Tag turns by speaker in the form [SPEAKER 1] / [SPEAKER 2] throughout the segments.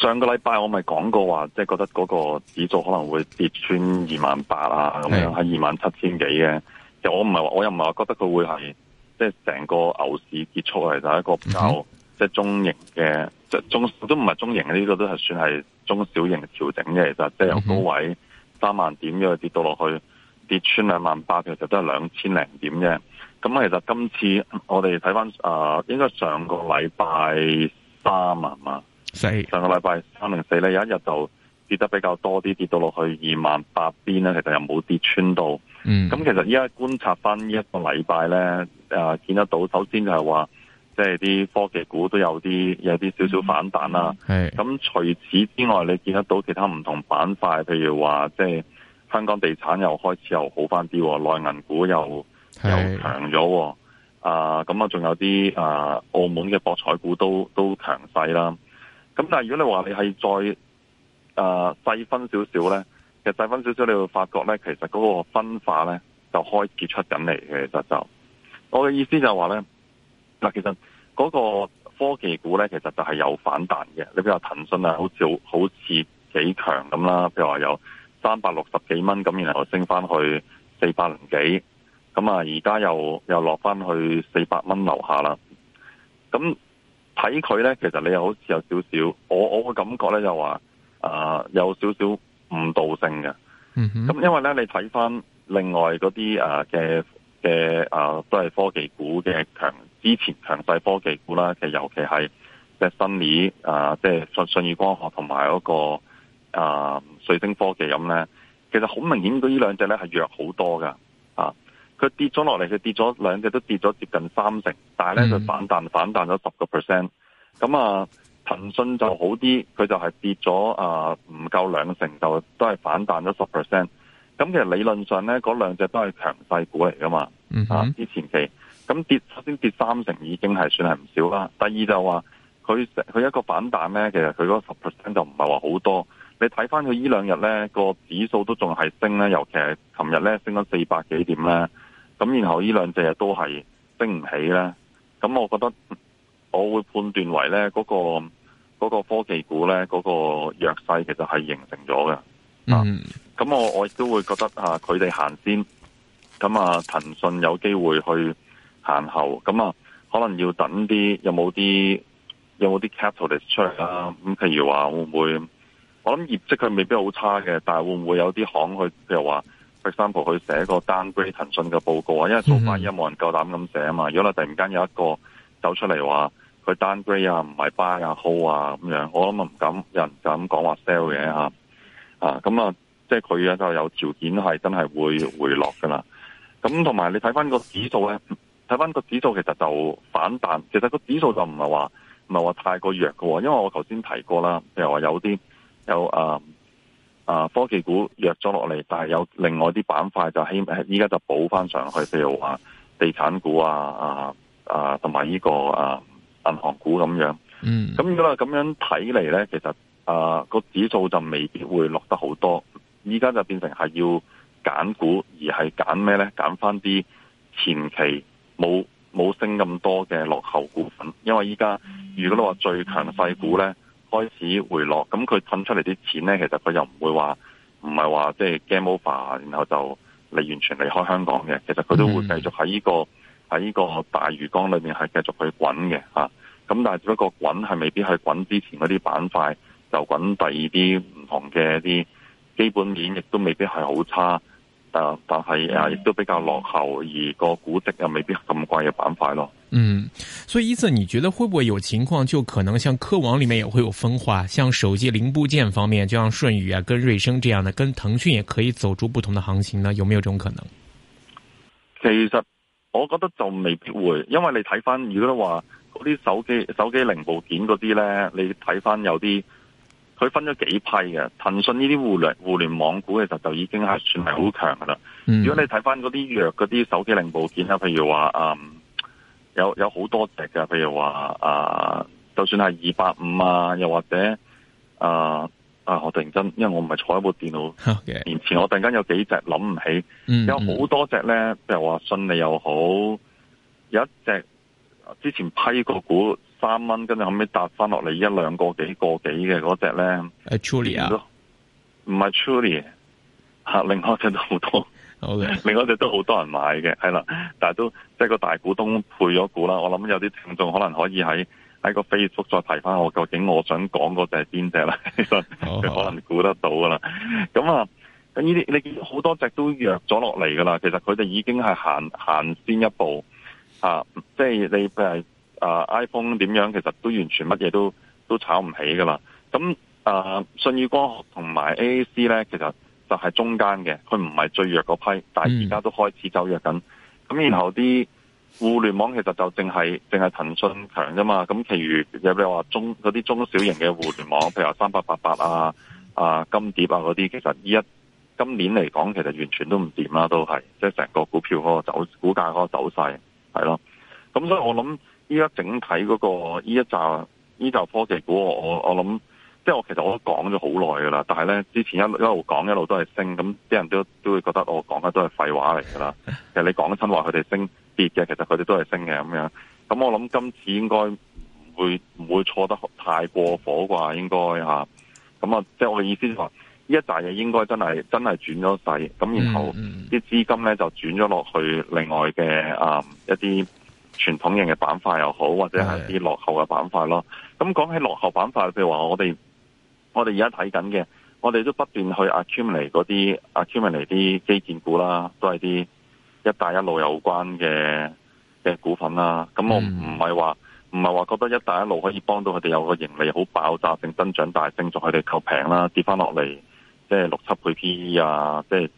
[SPEAKER 1] 上個禮拜我咪講過話，即係覺得嗰個指數可能會跌穿二萬八啊，咁樣係二萬七千幾嘅。其實我唔係，我又唔係話覺得佢會係即係成個牛市結束嚟，就一個比較即係中型嘅，即、嗯、係中都唔係中型嘅呢、這個都係算係中小型調整嘅。其實即係由高位三萬點一路跌到落去，跌穿兩萬八，其實都係兩千零點啫。咁其實今次我哋睇翻啊，應該上個禮拜三萬嘛。四上個禮拜三零四咧，有一日就跌得比較多啲，跌到落去二萬八邊咧，其實又冇跌穿到。咁、嗯、其實依家觀察翻呢一個禮拜咧，誒、啊、見得到，首先就係話，即係啲科技股都有啲有啲少少反彈啦。咁、嗯、除此之外，你見得到其他唔同板塊，譬如話即係香港地產又開始又好翻啲，內銀股又又強咗，啊嗯。啊，咁啊仲有啲啊澳門嘅博彩股都都強勢啦。咁但係如果你話你係再誒細分少少咧，其實細分少少你會發覺咧，其實嗰個分化咧就開始出緊嚟嘅。其實就我嘅意思就係話咧嗱，其實嗰個科技股咧，其實就係有反彈嘅，你比如騰訊啊，好似好似幾強咁啦，譬如話有三百六十幾蚊咁，然後升翻去四百零幾，咁啊而家又又落翻去四百蚊樓下啦，咁。睇佢咧，其實你又好似有少少，我我嘅感覺咧就話，啊、呃、有少少誤導性嘅。嗯哼，咁因為咧，你睇翻另外嗰啲啊嘅嘅啊都係科技股嘅之前強勢科技股啦，嘅尤其係嘅新理，啊，即係信信宇光學同埋嗰個瑞星科技咁咧，其實好明顯到呢兩隻咧係弱好多噶。佢跌咗落嚟，佢跌咗兩隻都跌咗接近三成，但係咧佢反彈反彈咗十個 percent。咁啊，騰訊就好啲，佢就係跌咗啊，唔夠兩成就都係反彈咗十 percent。咁其實理論上咧，嗰兩隻都係強勢股嚟噶嘛，嚇、mm -hmm. 啊、之前期咁跌，首先跌三成已經係算係唔少啦。第二就係話佢佢一個反彈咧，其實佢嗰十 percent 就唔係話好多。你睇翻佢依兩日咧個指數都仲係升咧，尤其係琴日咧升咗四百幾點咧。Mm -hmm. 咁然後呢兩隻亦都係升唔起咧，咁我覺得我會判斷為咧嗰個嗰個科技股咧嗰個弱勢其實係形成咗嘅，咁，嗯，啊，我我亦都會覺得啊，佢哋行先，咁啊騰訊有機會去行後，咁啊可能要等啲有冇啲有冇啲 catalyst 出嚟啦，咁，啊，譬如話會唔會，我諗業績佢未必好差嘅，但係會唔會有啲行去，譬如話。example 佢寫個 downgrade 騰訊嘅報告啊，因為做翻一冇人夠膽咁寫啊嘛，mm -hmm. 如果你突然間有一個走出嚟話佢 downgrade 啊，唔係 buy 啊 hold 啊咁樣，我諗唔敢有人咁講話 sell 嘅嚇啊，咁啊、嗯、啊即係佢啊就有條件係真係會回落噶啦。咁同埋你睇翻個指數咧，睇翻個指數其實就反彈，其實個指數就唔係話唔係話太過弱嘅喎，因為我頭先提過啦，譬如話有啲有啊。啊，科技股弱咗落嚟，但係有另外啲板塊就起，依家就補翻上去，譬如話地產股啊，啊啊，同埋呢個啊銀行股咁樣。嗯，咁咁樣睇嚟咧，其實啊個指數就未必會落得好多。依家就變成係要揀股，而係揀咩咧？揀翻啲前期冇冇升咁多嘅落後股份，因為依家如果你話最強勢股咧，開始回落，咁佢揼出嚟啲錢呢，其實佢又唔會話，唔係話即係 game over，然後就嚟完全離開香港嘅。其實佢都會繼續喺呢、呢個喺呢個大魚缸裏面係繼續去滾嘅嚇。咁、啊、但係只不過滾係未必係滾之前嗰啲板塊，就滾第二啲唔同嘅啲基本面，亦都未必係好差。啊、但但係亦都比較落後，而個估值又未必咁貴嘅板塊咯。
[SPEAKER 2] 嗯，所以依次你覺得會不會有情況，就可能像科網裏面也會有分化，像手機零部件方面，就像舜宇啊、跟瑞聲這樣的，跟騰訊也可以走出不同的行情呢？有沒有這種可能？
[SPEAKER 1] 其實我覺得就未必會，因為你睇翻如果話嗰啲手機手機零部件嗰啲咧，你睇翻有啲佢分咗幾批嘅，騰訊呢啲互聯互聯網股其實就已經係算係好強噶啦。如果你睇翻嗰啲弱嗰啲手機零部件啊，譬如話啊。嗯有有好多隻噶，譬如話啊、呃，就算係二百五啊，又或者啊、呃、啊，我突然間，因為我唔係坐喺部電腦，面、okay. 前我突然間有幾隻諗唔起，有好多隻咧，譬如話信利又好，有一隻之前批過股之回回個股三蚊，跟住後尾搭翻落嚟一兩個幾個幾嘅嗰隻咧，係 Truly 啊，唔係 Truly 吓，另外隻都好多。好嘅，另外隻都好多人買嘅，係啦，但係都即係、就是、個大股東配咗股啦。我諗有啲聽眾可能可以喺喺個 Facebook 再提翻我究竟我想講嗰隻係邊隻啦。其實佢可能估得到噶啦。咁啊，咁呢啲你見好多隻都弱咗落嚟噶啦。其實佢哋已經係行行先一步啊？即、就、係、是、你誒誒、啊、iPhone 點樣，其實都完全乜嘢都都炒唔起噶啦。咁誒、啊，舜宇光學同埋 AAC 咧，其實。就係、是、中間嘅，佢唔係最弱嗰批，但係而家都開始走弱緊。咁、嗯、然後啲互聯網其實就淨係淨係騰訊強啫嘛。咁、嗯，那其餘比如有譬如話中嗰啲中小型嘅互聯網，譬如話三八八八啊、啊金蝶啊嗰啲，其實依一今年嚟講，其實完全都唔掂啦，都係即係成個股票嗰個走股價嗰個走勢係咯。咁所以我諗依一整體嗰、那個依一集依集科技股，我我諗，即係我其實我都講咗好耐噶啦，但係咧之前一路一路講一路都係升，咁啲人都都會覺得我講嘅都係廢話嚟噶啦。其實你講親話佢哋升跌嘅，其實佢哋都係升嘅咁樣的。咁我諗今次應該唔會唔會錯得太過火啩，應該吓。咁啊，那就即係我嘅意思就話，呢一紮嘢應該真係真係轉咗勢，咁然後啲資金咧就轉咗落去另外嘅啊、嗯、一啲傳統型嘅板塊又好，或者係啲落後嘅板塊咯。咁講起落後板塊，譬如話我哋。我哋而家睇緊嘅，我哋都不斷去 accumulate 嚟嗰啲 accumulate 嚟啲基建股啦，都係啲一帶一路有關嘅嘅股份啦。咁我唔係話唔係話覺得一帶一路可以幫到佢哋有個盈利好爆炸性增長大，正坐佢哋求平啦，跌翻落嚟即係六七倍 PE 啊，即係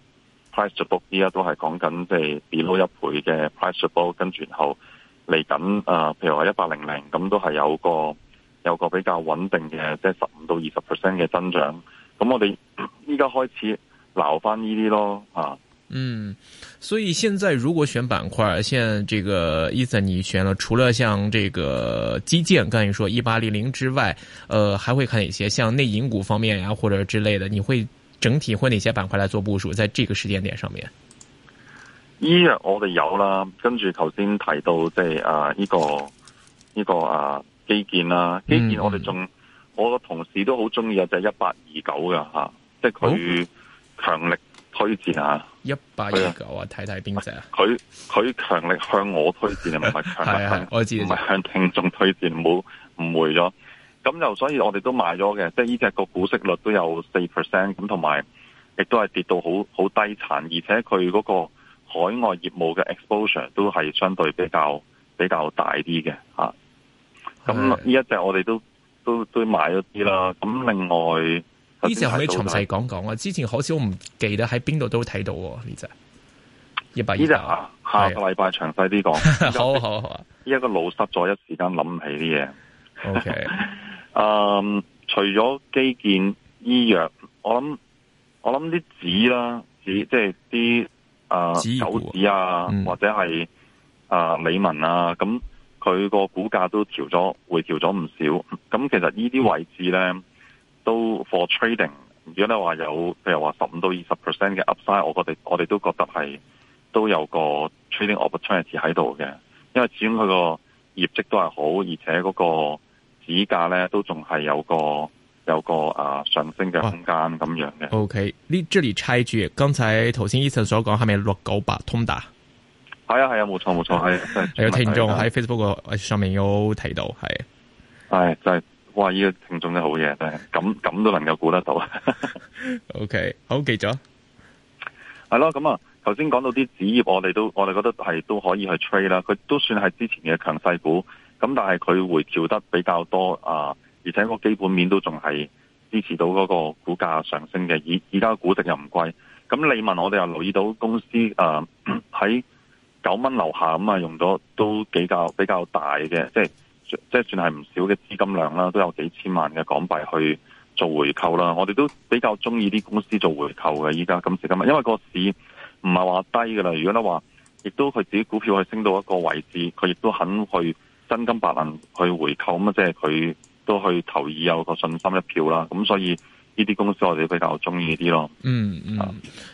[SPEAKER 1] price to book 依家都係講緊即係 below 一倍嘅 price to book，跟住後嚟緊誒譬如話一百零零咁都係有個。有個比較穩定嘅，即係十五到二十 percent 嘅增長。咁我哋依家開始聊翻呢啲咯，啊，嗯。
[SPEAKER 2] 所以現在如果選板塊，現在這個伊 n 你選了，除了像這個基建，剛才說一八零零之外，呃，還會看哪些？像內銀股方面呀，啊，或者之類的，你會整體或哪些板塊來做部署？在這個時間點上面，
[SPEAKER 1] 依、這、月、個、我哋有啦，跟住頭先提到，即係啊，呢、這個呢、這個啊。基建啦、啊，基建我哋仲，我個同事都好中意嘅就一八二九㗎。吓、嗯，即係佢強力推薦啊，
[SPEAKER 2] 一八二九啊，睇睇邊隻啊？
[SPEAKER 1] 佢佢強力向我推薦啊，唔 係向， 向聽眾推薦，唔好誤會咗。咁又所以我哋都買咗嘅，即係呢隻個股息率都有四 percent，咁同埋亦都係跌到好好低殘，而且佢嗰個海外業務嘅 exposure 都係相對比較比較大啲嘅吓。啊咁、嗯、呢一隻我哋都都都買咗啲啦，咁另外呢隻可可以詳細講
[SPEAKER 2] 講啊？之前好似我唔記得喺邊度都睇到喎，呢一隻，呢
[SPEAKER 1] 隻啊，下個禮拜詳細啲講 一隻 一隻， 好好好啊！呢一個老失咗，一時間諗唔起啲嘢。O、okay、K， 嗯，除咗基建、醫藥，我諗我諗啲紙啦，紙即係啲啊，呃、紙手紙啊，嗯、或者係啊美文啊，咁。佢個股價都調咗，回調咗唔少。咁其實呢啲位置咧，都 for trading。如果你話有，譬如話十五到二十 percent 嘅 upside，我覺得我哋都覺得係都有個 trading opportunity 喺度嘅。因為始終佢個業績都係好，而且嗰個指價咧都仲係有個有個啊上升嘅空間咁樣嘅。
[SPEAKER 2] OK，呢這裏拆舉，剛才頭先 Eason 所講係咪六九八通達？
[SPEAKER 1] 係啊，係啊，冇錯冇錯，係係、啊啊、有
[SPEAKER 2] 聽眾喺 Facebook 上面有提到，係
[SPEAKER 1] 係、啊啊、就係、是、哇！呢、這個聽眾嘅好嘢，咁 咁都能夠估得到。
[SPEAKER 2] OK，好記住
[SPEAKER 1] 係咯。咁啊，頭先講到啲紙業，我哋都我哋覺得係都可以去 trade 啦。佢都算係之前嘅強勢股，咁但係佢回調得比較多啊、呃，而且個基本面都仲係支持到嗰個股價上升嘅。而而家股值又唔貴，咁你問我哋又留意到公司誒喺。呃九蚊樓下咁啊，用咗都比較比較大嘅，即係即係算係唔少嘅資金量啦，都有幾千萬嘅港幣去做回購啦。我哋都比較中意啲公司做回購嘅，依家今時今日，因為個市唔係話低噶啦。如果咧話，亦都佢自己股票去升到一個位置，佢亦都肯去真金白銀去回購咁啊，即係佢都去投以有個信心一票啦。咁所以。呢啲公司我哋比較中意啲咯。嗯
[SPEAKER 2] 嗯，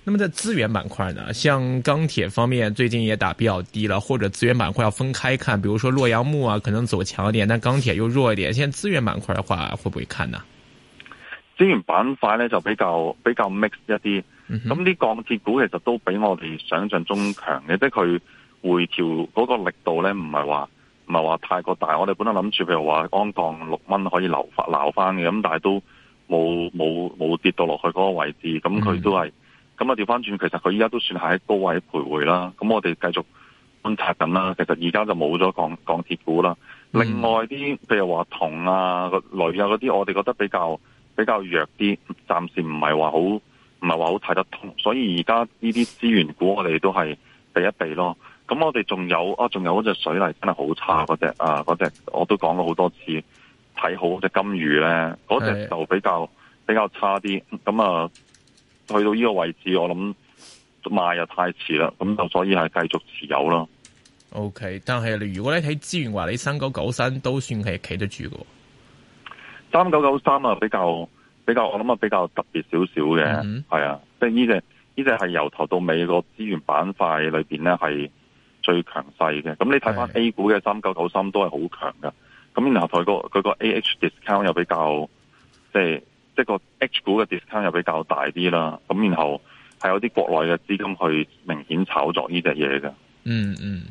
[SPEAKER 2] 那麼在資源板塊呢，像鋼鐵方面最近也打比較低啦，或者資源板塊要分開看，比如說洛陽鉬啊，可能走強一點，但鋼鐵又弱一點。現在資源板塊的話，會不會看呢？
[SPEAKER 1] 資源板塊咧就比較比較 mix 一啲，咁、嗯、啲鋼鐵股其實都比我哋想象中強嘅，即係佢回調嗰個力度咧，唔係話唔係話太過大。我哋本來諗住譬如話鞍鋼六蚊可以留翻撈翻嘅，咁但係都。冇冇冇跌到落去嗰個位置，咁、mm-hmm、佢都係咁啊！調翻轉，其實佢依家都算喺高位徘徊啦。咁我哋繼續觀察緊啦。其實而家就冇咗鋼鋼鐵股啦。Mm-hmm. 另外啲，譬如話銅啊、鋁啊嗰啲，我哋覺得比較比較弱啲，暫時唔係話好唔係話好睇得通。所以而家呢啲資源股，我哋都係避一避咯。咁我哋仲有啊，仲有嗰隻水泥，真係好差嗰隻啊！嗰隻我都講過好多次。睇好隻金魚咧，嗰隻就比較比較差啲。咁啊，去到呢個位置，我諗賣又太遲啦。咁就所以係繼續持有咯。
[SPEAKER 2] OK，但係你如果你睇資源話，你三九九三都算係企得住
[SPEAKER 1] 喎。三九九三啊，比較比較，我諗啊比較特別少少嘅。係嗯啊嗯，即係呢隻呢隻係由頭到尾個資源板塊裏邊咧係最強勢嘅。咁你睇翻 A 股嘅三九九三都係好強噶。咁然後佢個佢個 A H discount 又比較，即係即個 H 股嘅 discount 又比較大啲啦。咁然後係有啲國內嘅資金去明顯炒作呢隻嘢嘅。嗯嗯，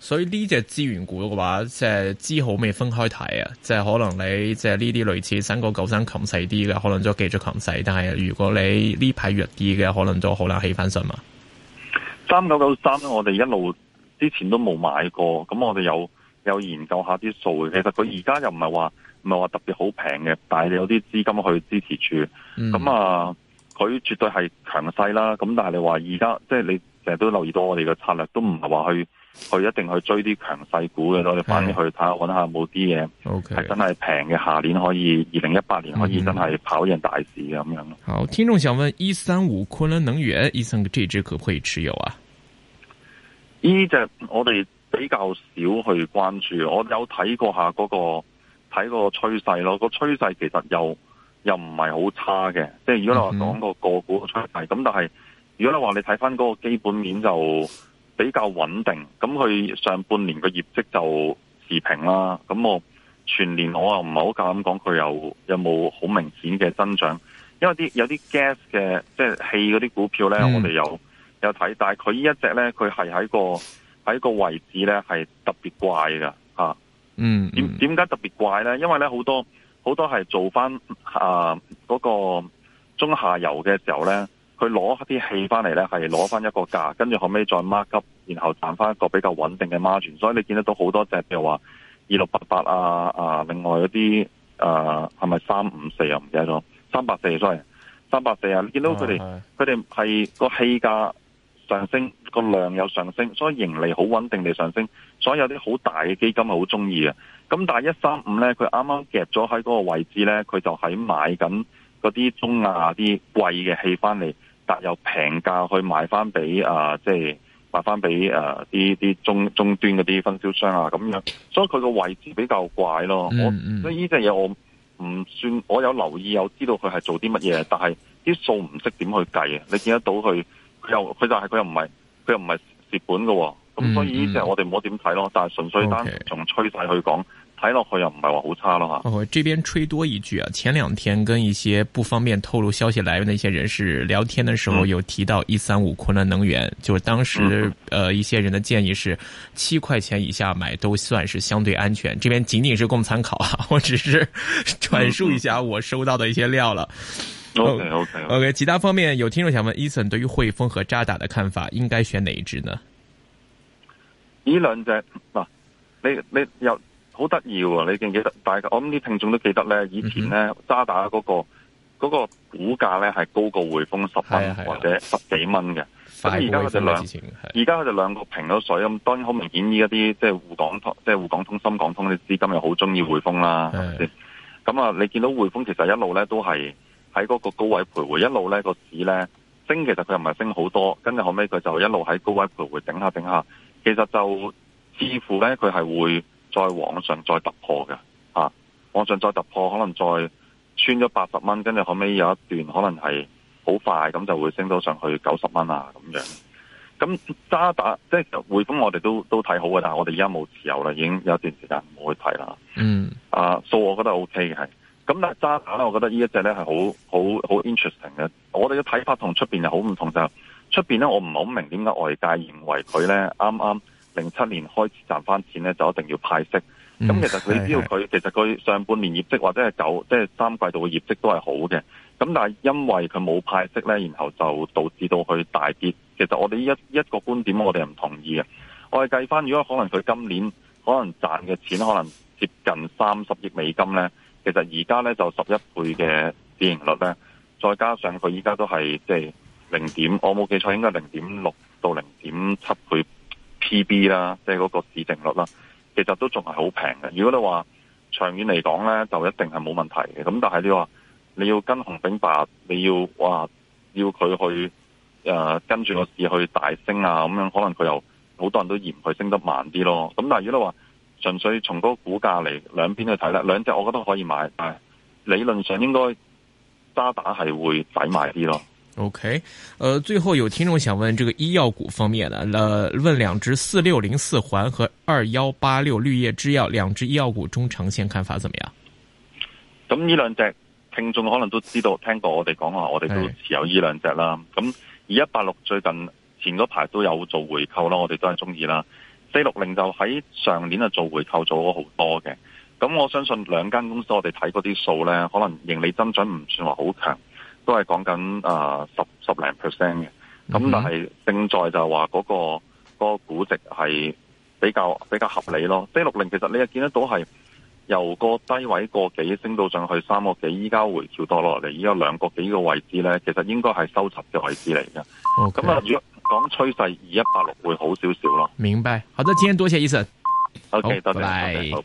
[SPEAKER 2] 所以呢隻資源股嘅話，即係知好未分開睇啊。即係可能你即係呢啲類似三九九三強勢啲嘅，可能都繼續強勢。但係如果你呢排弱啲嘅，可能就好難起翻上嘛。
[SPEAKER 1] 三九九三我哋一路之前都冇買過，咁我哋有。有研究下啲數，其實佢而家又唔係話唔係話特別好平嘅，但係你有啲資金去支持住，咁、嗯、啊，佢絕對係強勢啦。咁但係你話而家即係你成日都留意到我哋嘅策略，都唔係話去去一定去追啲強勢股嘅、嗯，我哋返去睇下有有，搵下冇啲嘢係真係平嘅，下年可以二零一八年可以真係跑贏大市咁、嗯嗯、樣咯。
[SPEAKER 2] 好，聽眾想問一三五崑崙能源，一三五這支可唔可以持有啊？
[SPEAKER 1] 呢隻我哋。比較少去關注，我有睇過下嗰個，睇嗰個趨勢咯。個趨勢其實又又唔係好差嘅，即係如果你話講個個股嘅趨勢，咁但係如果你話你睇翻嗰個基本面就比較穩定。咁佢上半年嘅業績就持平啦。咁我全年我又唔係好夠膽講佢有有冇好明顯嘅增長，因為啲有啲 gas 嘅即係氣嗰啲股票咧，我哋有有睇，但係佢呢一隻咧，佢係喺個。喺個位置咧係特別怪噶，吓、啊，嗯、mm -hmm.，點點解特別怪咧？因為咧好多好多係做翻誒嗰個中下游嘅時候咧，佢攞啲氣翻嚟咧，係攞翻一個價，跟住後尾再 mark up，然後賺翻一個比較穩定嘅 margin。所以你見得到好多隻，譬如話二六八八啊，啊，另外嗰啲誒係咪三五四啊？唔記得咗，三百四，所以三百四啊！你見到佢哋，佢哋係個氣價。上升個量有上升，所以盈利好穩定地上升。所以有啲好大嘅基金係好中意嘅。咁但係一三五咧，佢啱啱夾咗喺嗰個位置咧，佢就喺買緊嗰啲中亞啲貴嘅氣翻嚟，但又平價去賣翻俾啊，即係賣翻俾誒啲啲中中端嗰啲分銷商啊咁樣。所以佢個位置比較怪咯。嗯嗯我所以呢隻嘢我唔算，我有留意有知道佢係做啲乜嘢，但係啲數唔識點去計啊。你見得到佢。又佢就係、是、佢又唔係佢又唔係蝕本噶、哦，咁、嗯、所以呢隻我哋唔好點睇咯。嗯、但係純粹單、okay. 從趨勢去講，睇落去又唔係話好差咯。吓，
[SPEAKER 2] 我這邊吹多一句啊，前兩天跟一些不方便透露消息來源那些人士聊天的時候，有提到一三五崑崙能源，嗯、就是、當時、嗯，呃，一些人的建議是七塊錢以下買都算是相對安全。這邊僅僅是供參考啊，我只是轉、嗯、述一下我收到的一些料了。O K O K 其他方面有聽眾想問，Eason 對於匯豐和渣打的看法，應該選哪一隻呢？
[SPEAKER 1] 呢兩隻，嗱、啊，你你又好得意喎，你記唔記得？大家我諗啲聽眾都記得咧，以前咧渣打嗰、那個嗰、那個股價咧係高過匯豐十蚊、啊、或者十幾蚊嘅，而家佢就兩，而家佢就兩個平咗水，咁當然好明顯呢一啲即係滬港通，即係滬港,港通、深港通啲資金又好中意匯豐啦，咁啊，嗯嗯、你見到匯豐其實一路咧都係。喺嗰個高位徘徊，一路咧、那個指，咧升，其實佢又唔係升好多，跟住後尾，佢就一路喺高位徘徊，頂下頂下，其實就似乎咧佢係會再往上再突破嘅，啊，往上再突破可能再穿咗八十蚊，跟住後尾有一段可能係好快咁就會升到上去九十蚊啊咁樣，咁渣打即係匯豐，我哋都都睇好嘅，但係我哋而家冇持有啦，已經有一段時間唔好去睇啦。嗯，啊，數我覺得 O K 嘅係。咁但係渣打我覺得呢一隻呢係好好好 interesting 嘅。我哋嘅睇法同出面又好唔同，就出、是、面呢，我唔係好明點解外界認為佢呢啱啱零七年開始賺翻錢呢，就一定要派息。咁、嗯、其實你知道佢其實佢上半年業績或者係九即係三季度嘅業績都係好嘅。咁但係因為佢冇派息呢，然後就導致到佢大跌。其實我哋一一個觀點我，我哋唔同意嘅。我哋計翻，如果可能佢今年可能賺嘅錢可能接近三十億美金呢。其實而家咧就十一倍嘅市盈率咧，再加上佢依家都係即係零點，我冇記錯應該零點六到零點七倍 PB 啦，即係嗰個市淨率啦。其實都仲係好平嘅。如果你話長遠嚟講咧，就一定係冇問題嘅。咁但係你話你要跟紅頂白，你要哇要佢去誒、呃、跟住個市去大升啊，咁樣可能佢又好多人都嫌佢升得慢啲咯。咁但係如果你話，純粹從個股價嚟兩邊去睇咧，兩隻我覺得可以買，但係理論上應該渣打係會抵買啲咯。
[SPEAKER 2] OK，誒、呃，最後有聽眾想問，這個醫藥股方面咧、呃，問兩隻四六零四環和二幺八六綠葉製藥兩隻醫藥股中長線看法怎麼樣？
[SPEAKER 1] 咁呢兩隻聽眾可能都知道，聽過我哋講話，我哋都持有呢兩隻啦。咁二一八六最近前嗰排都有做回購啦，我哋都係中意啦。四六零就喺上年啊做回購做咗好多嘅。咁我相信兩間公司我哋睇嗰啲數咧，可能盈利增長唔算話好強，都係講緊啊十十零 percent 嘅，咁但係正在就話嗰個，嗰個估值係比較比較合理咯。四六零其實你又見得到係由個低位個幾升到上去三個幾，依家回調多落嚟，依家兩個幾嘅位置咧，其實應該係收窄嘅位置嚟嘅。哦，咁啊，如果。講趨勢二一八六會好少少咯，明白。
[SPEAKER 2] 好的，今天多謝 Eason。O、okay, K、oh, 多謝。